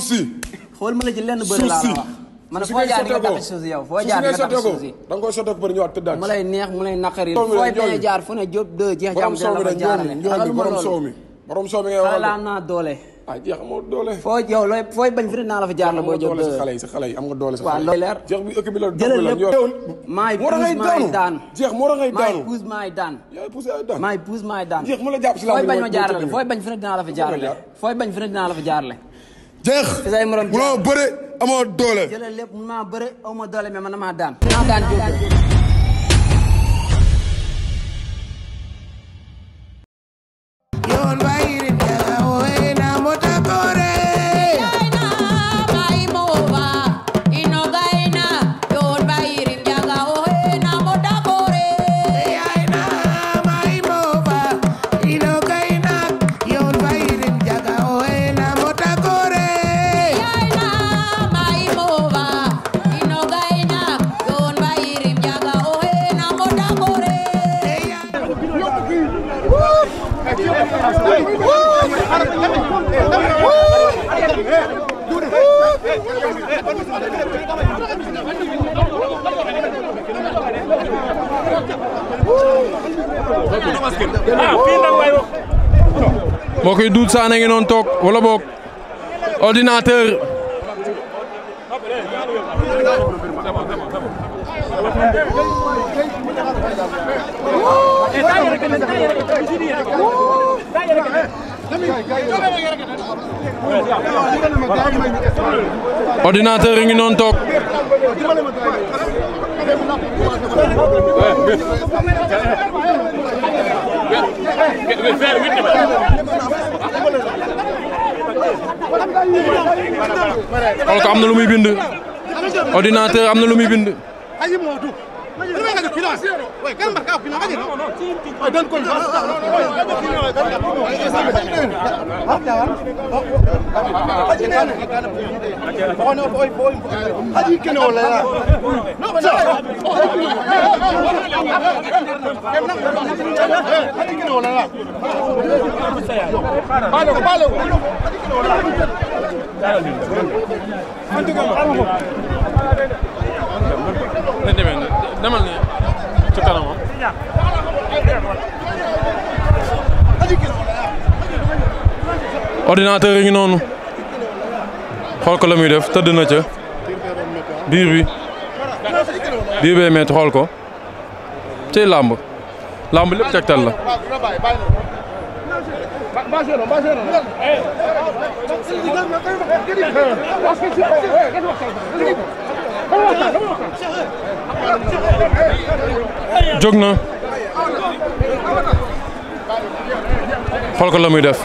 suuf si. xool ma la ci lenn bëri laa la wax. man foo jaar nga tax suuf si yow foo jaar nga tax suuf si. da nga koy sotteeku ba ñëwaat tëddaat mu lay neex mu lay naqari. fooy bañ a jaar fu ne Diop de ah, la fa jaarale. xalaat fooy bañ fi dinaa la fa jaarale fooy jeex munoo bëre amoo doole. jëlal lépp mun maa bëre aw ma doole mais man damaa daan. daan mbokk yi Doudou Sané ngi noonu toog wala boog ordinateur yi ngi noonu toog xool am na lu muy bind ordinateur am na lu muy bind 그러면 비난하세요. 왜 그런 말 가고 비난하지? 아, 넌 거기 가서 다. 하지 있긴 올래. 하지 있긴 올래. 빨리 빨리. 안뜨거 na demee noonu xool ko la muy def tëdd na ca biir bi biir bee metti xool ko ci làmb làmb lépp tegtal la jóg na xool ko la muy def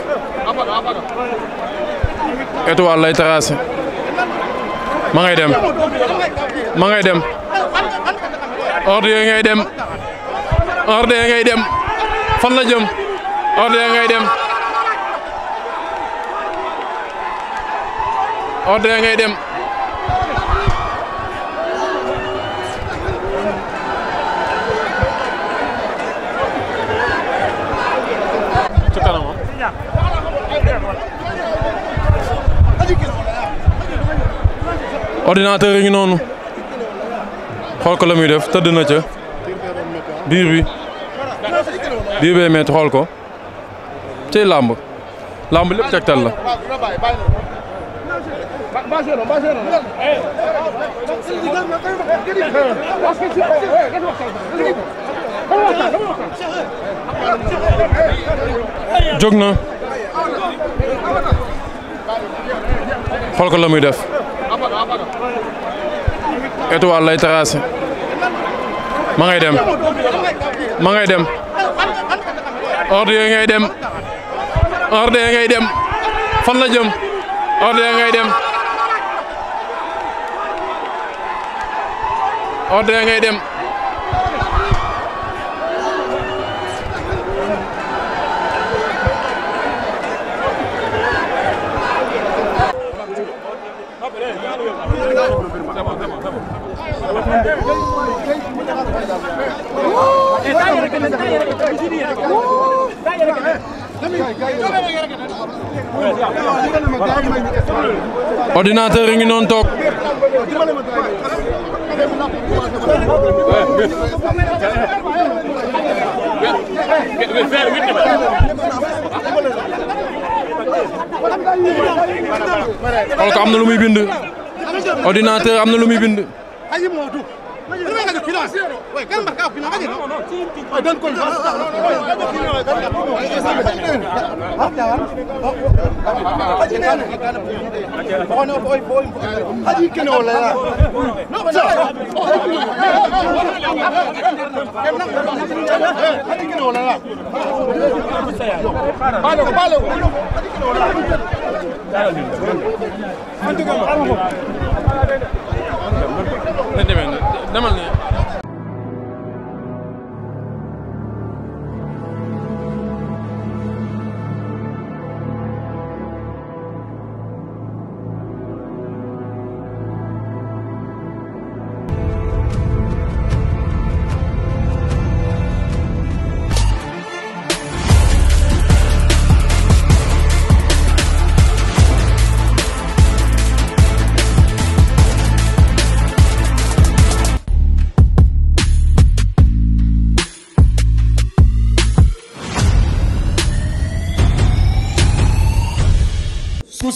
étoile lay tracé ma ngay dem ma ngay dem ordre yooyu ngay dem ordre yooyu ngay dem fan la jëm ordre ngay dem ordre yooyu ngay dem ordinateur yi noonu xool la muy def tëdd na ca diir bi diir bee metti xool ko ci làmb làmb lépp tegtal la. jóg na xool la muy def. étoile lay tracé ma ngay dem ma ngay dem ordre yooyu ngay dem ordre yooyu ngay dem fan la jëm ordre yooyu ngay dem ordre yooyu ngay dem. ordinateur yi ngi noonu toog xool ko am na lu muy bind ordinateur am na lu muy bind. man dama ne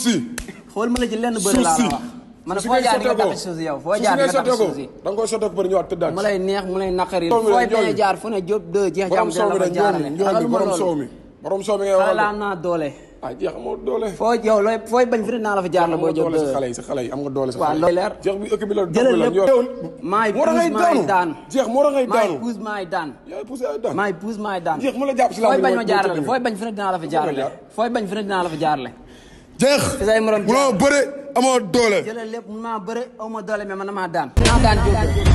si. xool ma la ci lenn bëri laa la wax. man foo jaar di nga tax suuf si yow foo jaar di nga tax suuf si. da nga koy sotteeku bëri ñëwaat tëddaat. mu lay neex mu lay naqari. fooy bañ jaar fu ne Diop de jeex jàmm dina la fa jaarale. xamal ma loolu borom soow mi ngay wax am naa doole. ah jeex amoo doole. foo yow looy fooy bañ firi naa la fa jaarale boo Diop de. am nga doole si xale yi si xale yi am nga doole si xale yi. waaw loolu leer jeex bi ëkk bi la doole la ñor. maay puus maay daan jeex moo tax ngay daanu maay puus maay daan. yaay puus ay daan maay puus maay daan. jeex mu la jàpp si laa fooy bañ ma jaarale fooy bañ firi dinaa la fa jaarale fooy bañ firi dinaa la fa jaarale jeex munoo bëre amoo doole. jëlal lépp mun naa bëre aw ma doole mais man maa daan. maa daan